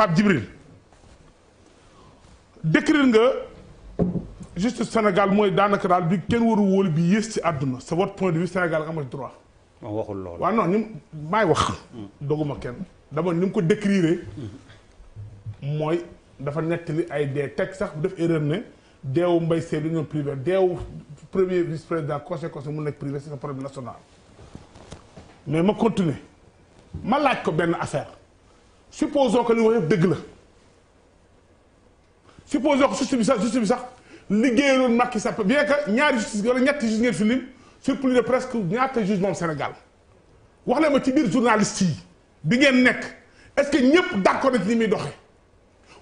Pape Djibril décrire nga justice Sénégal mooy daanaka daal bi kenn waru wóolu bi yées ci àdduna sa votre point de vue Sénégal nga amati droit. moom waxul loolu waaw maay wax. doguma kenn dama ni mu ko décrire. mooy dafa nettali ay dee teg sax bu def erreur ne deewu mbay see du ñoom privé deewu premier vice président conseil mu nekk privé c'est un problème national mais ma continuer ma laaj ko benn affaire. supposons que li wax yëpp dëgg la supposons que si bi sax justice bi sax liggéeyaloon Macky sax bien que ñaari justice wala ñetti justice ngeen fi lim sur plus de presque ñaata juge moom Sénégal wax leen ma ci biir journaliste yi bi ngeen nekk est-ce que ñëpp d'accord na ci ni muy doxee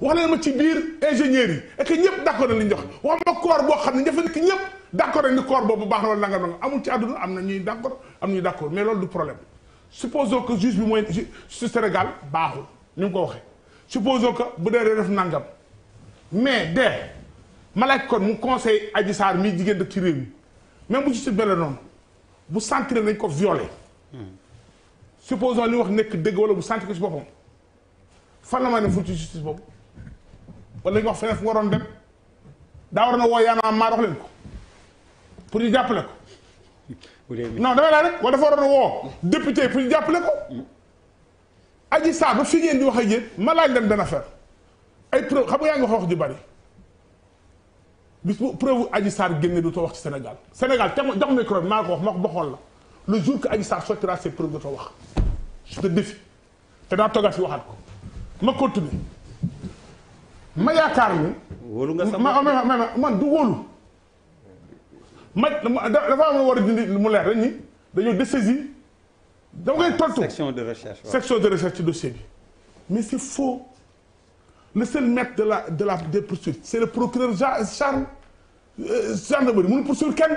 wax leen ma ci biir ingénieurs yi est-ce que ñëpp d'accord na li ñu boo xam ne ña fa nekk ñëpp d'accord nañ ni corps boobu baax na wala nanga nanga amul ci àdduna am na ñuy d'accord am na ñuy d'accord mais loolu du problème supposons que juge bi mooy justice Sénégal baaxul ni mu ko waxee supposons que bu dee def nangam mais de ma kon mu conseil Adji Sarr mi jigéen dëkk ci réew mi mais bu ci si mel noonu bu sentir nañ ko violé supposons li wax nekk dëgg wala bu sentir ko si boppam fan la ma ne fu ci justice boobu wala ñu wax feneen fu waroon dem daa war na woo yaanaam maa wax leen ko pour ñu jàppale ko. non damay laaj rek wala dafa waroon a woo député pour ñu jàppale ko. aji saa ba fi ngeen di wax ak yéen ma laaj leen benn affaire ay preuve xam nga yaa ngi wax ju bari bis bu preuve Adji Sarr génne du too wax ci Sénégal Sénégal te jox micro bi maa ko wax ma ko boxoon la le jour que Adji Sarr sortira ses preuves te défie te daa toogaat ma continue ma yaakaar ni. wóolu nga sama ma ma ma du wóolu. ma dafa am war a dindi mu leer rek ni dañoo dessaisir. dama koy tontu section de recherche section de recherche ci dossier bi mais c'est faux le seul maître de la de la des poursuites c'est le procureur Charles euh, gendarmerie mënu poursuivre kenn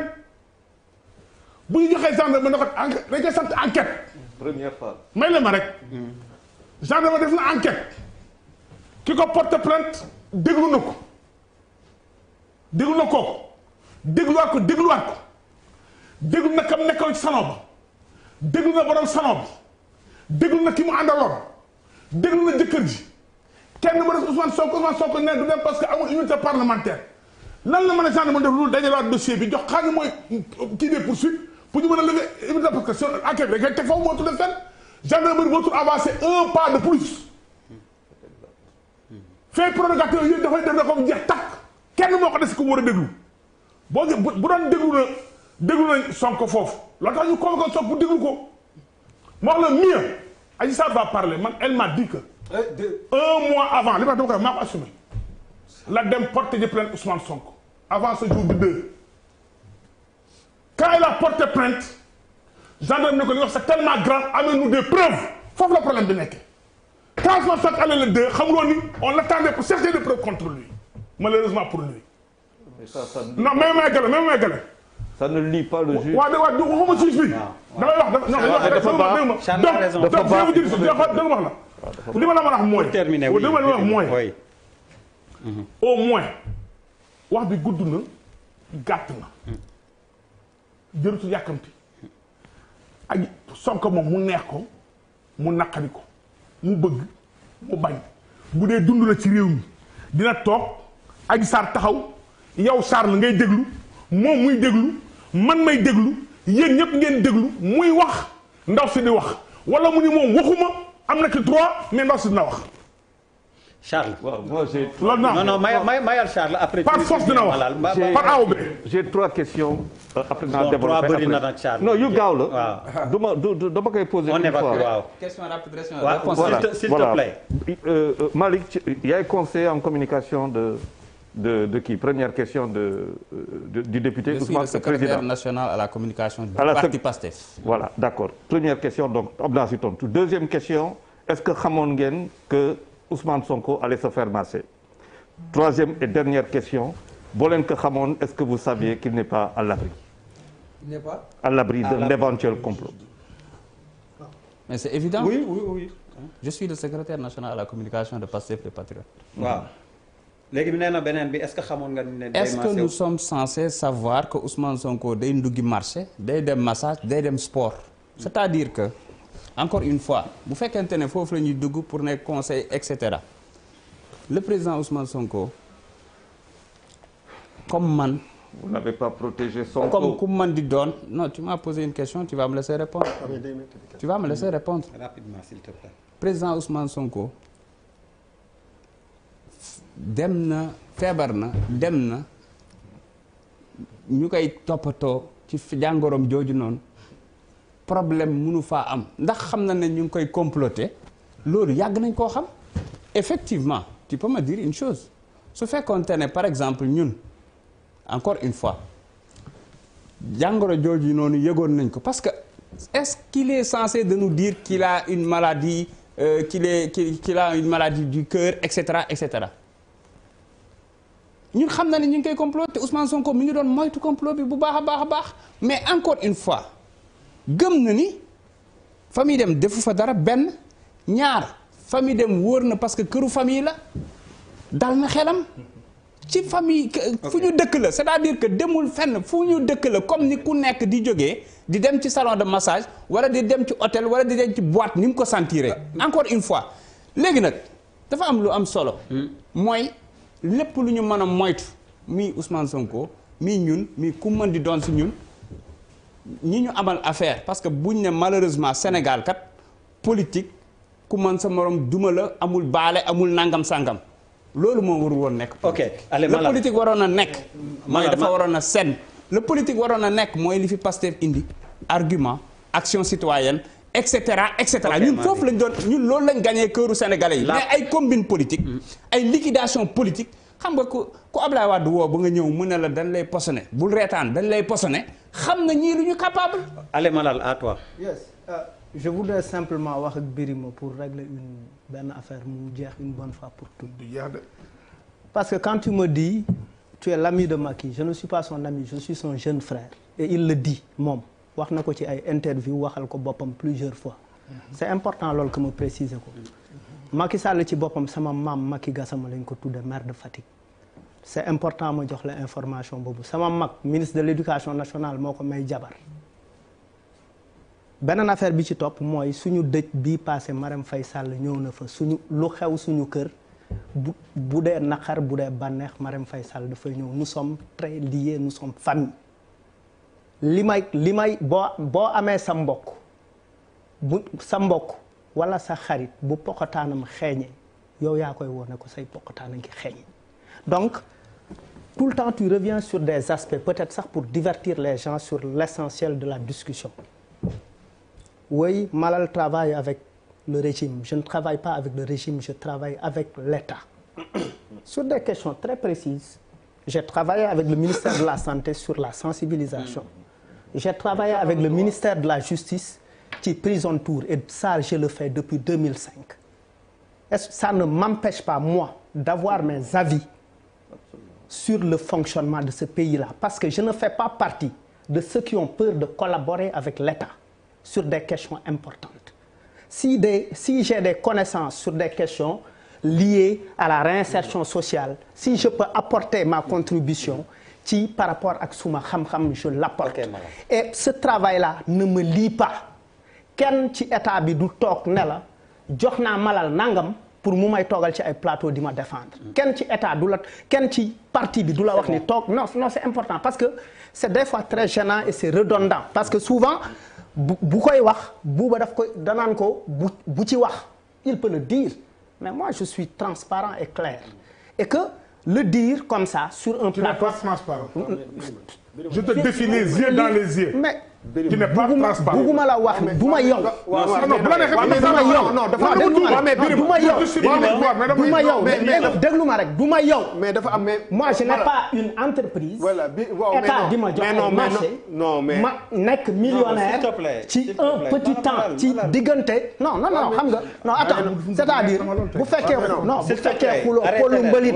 bu ñu joxee gendarmerie ne ko enquête dañ koy sant enquête. première fois may la ma rek. gendarmerie def na enquête. ki ko porte plainte déglu na ko déglu na kooku dégluwaat ko dégluwaat ko déglu na kam nekkoon ci sanoo ba. déglu na borom salon bi déglu na ki mu àndaloon déglu na jëkkër ji kenn ma des Ousmane Sonko Ousmane Sonko ne du dem parce que amul immunité parlementaire lan la mën a gendarmerie def loolu dajalewaat dossier bi jox xaalis mooy kii des poursuites pour ñu a lever immunité parce que seen enquête bi rek teg foofu moo tudd a fenn gendarmerie mootul avancer un kenn moo ko des ku war a déglu boo bu doon déglu na déglu nañ foofu. loolu tax ñu convoqué Sock pour déglu ko ma wax la mieux a Sarr va parler man elle m'a dit que. Eh, un mois avant li ma dama koy maa la dem porté ji plainte Ousmane Sonko avant ce jour du deux quand il a porté plainte gendarme ne ko li wax c'est tellement a amee nous des preuves foofu la problème bi nekkee quand Ousmane Sonko allait le deux xamuloo ni on l'attendait pour chercher des preuves contre lui malheureusement pour lui. non mais may gële mais may gële. ça ne lie pas le juge. la. li ma la mën a wax mooy. terminé oui li ma wax mooy. gudd na gàtt na. moom mu neex ko mu naqari ko mu bëgg mu bañ bu dund la ci réew mi dina toog Adji Sarr taxaw yow Sarr la ngay déglu moom muy déglu man may déglu yéen ñëpp ngeen déglu muy wax ndax si di wax wala mu ni moom waxuma am na ci droit mais ndaw si dina wax. Charles. waaw moi j'ai trois... non non mayal mayal Charles après. par force dina wax par aw bi. j'ai trois questions. Euh, après naa développé après non yu gaaw la. waaw du ma du koy poser. on évacue waaw question rapide réponse. voilà s'il te plaît. Euh, euh, Malick yaay conseiller en communication de. de de kii première question de, euh, de du député. Ousmane président je la communication. du parti Pastef. voilà d'accord première question donc am naa si tontu deuxième question est-ce que xamoon ngeen que Ousmane Sonko allait se faire masser. troisième et dernière question boo leen ko xamoon est-ce que vous saviez qu'il n'est pas à l'abri. il n'est pas à l'abri d'un éventuel complot. mais c'est évident. je suis le secrétaire national à la communication de Pastef les Patriotes. léegi nee na beneen bi est-ce que xamoon nga ne. est-ce que nous sommes censés savoir que Ousmane Sonko day nduggi marché day dem massage day dem sport. c'est-à-dire que encore une fois bu fekkente ne foofu la ñuy dugg pour nekk conseil et cetera le président Ousmane Sonko comme man. vous n'avez pas protégé Sonko comme ku man di doon non tu m'as posé une question tu vas me laisser répondre. tu vas me laisser répondre. rapidement s'il te plaît. président Ousmane Sonko. dem na feebar na dem na ñu koy toppatoo ci jàngoroom jooju noonu problème mënu faa am ndax xam na ne ñu ngi koy comploter loolu yàgg nañ koo xam effectivement tu peux me dire une chose su fekkonte ne par exemple ñun encore une fois jàngoro jooju noonu yëgoon nañ ko parce que est-ce qu'il est censé de nous dire qu'il a une maladie euh, qu'il est qu'il a une maladie du cœur et cetera et cetera ñun xam na ne ñu ngi koy complot te son Sonko mi ngi doon moytu complot bi bu baax a baax a baax mais encore une fois gëm na ni fa dem defu fa dara benn ñaar fa dem wóor na parce que këru famille la dal na xelam ci famille fu ñu dëkk la c'est-à-dire que demul fenn fu ñu dëkk la comme ni ku nekk di jógee di dem ci salon de massage wala di dem ci hôtel wala di dem ci boîte ni mu ko sentiré ah. encore une fois léegi nag dafa am lu am solo hmm. mooy lépp lu ñu mën a moytu mii Ousmane Sonko mii ñun mii ku mën di doon si ñun ñi ñu amal affaire parce que buñ ne malheureusement Sénégal kat politique ku man sa morom duma la amul baale amul nangam sàngam loolu moo warul woon nekk. ok allez la politique waroon a nekk. mooy dafa waroon a senn. la politique waroon a nekk mooy li fi Pastef indi argument action citoyenne. et cetera et cetera ñun foofu lañ doon ñun loolu lañ gagné këru sénégalais yi. mais ay combine politique. Mm. ay liquidation politique. xam nga ku ku Ablaye Wade woo ba nga ñëw mu ne la dañ lay posone bul reetaan dañ lay posone xam na ñii lu ñu capable. Allez Malal à toi. yes euh, je simplement wax ak biri ma pour régler une benn affaire mu jeex une bonne fois pour toutes. parce que quand tu me dis tu es l'ami de Macky je ne suis pas son ami je suis son jeune frère. le dit moom. wax na ko ci ay interview waxal ko boppam plusieurs fois mhm. c'est important loolu ko mu préciser ko mhm. Macky Sall ci boppam sama maam Macky Gassama lañ ko tudde maire de Fatick c'est important ma jox la information boobu sama mag ministre de l'éducation nationale moo ko may jabar beneen affaire bi ci topp mooy suñu dëj bii passé Marème fay Sall ñëw na fa suñu lu xew suñu kër bu bu dee naqar bu dee bànneex Marème fay Sall dafay ñëw nous sommes très liés li may li may boo boo amee sa mbokk bu sa mbok wala sa xarit bu poqataanam xeeñe yow yaa koy woo ko say poqataan a ngi xeeñe donc tout le temps tu reviens sur des aspects peut-être sax pour divertir les gens sur l'essentiel de la discussion oui Malal travaille avec le régime je ne travaille pas avec le régime je travaille avec l'État sur des questions très précises j'ai travaillé avec le ministère de la Santé sur la sensibilisation j'ai travaillé avec le ministère de la justice ci prison tour et ça je le fais depuis 2005 est-ce que ça ne m'empêche pas moi d'avoir mes avis sur le fonctionnement de ce pays-là parce que je ne fais pas partie de ceux qui ont peur de collaborer avec l'État sur des questions importantes si des si j'ai des connaissances sur des questions liées à la réinsertion sociale si je peux apporter ma contribution ci par rapport ak suma xam-xam je l'apporte et ce travail là ne me lie pas kenn ci état bi du toog ne la jox naa malal nangam pour mu may toogal ci ay plateau di ma défendre mm. kenn ci état du la kenn ci parti bi du la wax ni toog non non c'est important parce que c'est des fois très gênant et c'est parce que souvent bu bu koy wax buuba def koy danaan ko bu bu ci wax il peut le dire mais moi je suis transparent et clair le dire comme ça sur un plateau. Tu n'es pas transparent. Euh, Je te définis les yeux dans les yeux. Mais tu n'es pas transparent bëgguma la wax du ma yow. déglu ma rek du ma yow. mais dafa am mais. moi je pas une entreprise. voilà di ma jox marché. ma nekk millionnaire. ci un petit temps ci diggante. non non non xam non attends c'est-à-dire bu fekkee non bu fekkee xuloo xolu mbalit.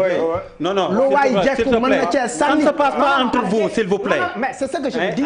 non lu waay jekk mën na cee sànni. ça ne se passe pas entre vous s'il vous plaît. mais c'est ce que je dis.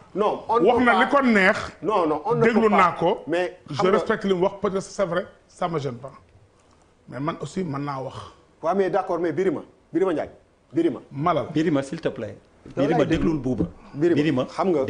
non on wax na li ko neex. non non on déglu naa ko. mais je respecte li mu wax peut-être c'est vrai ça me gêne mais man aussi man naa wax. waaw mais d'accord mais Birima Birima Ndiaye Birima. Malal Birima s'il te plaît. Birima déglul buuba Birima xam nga.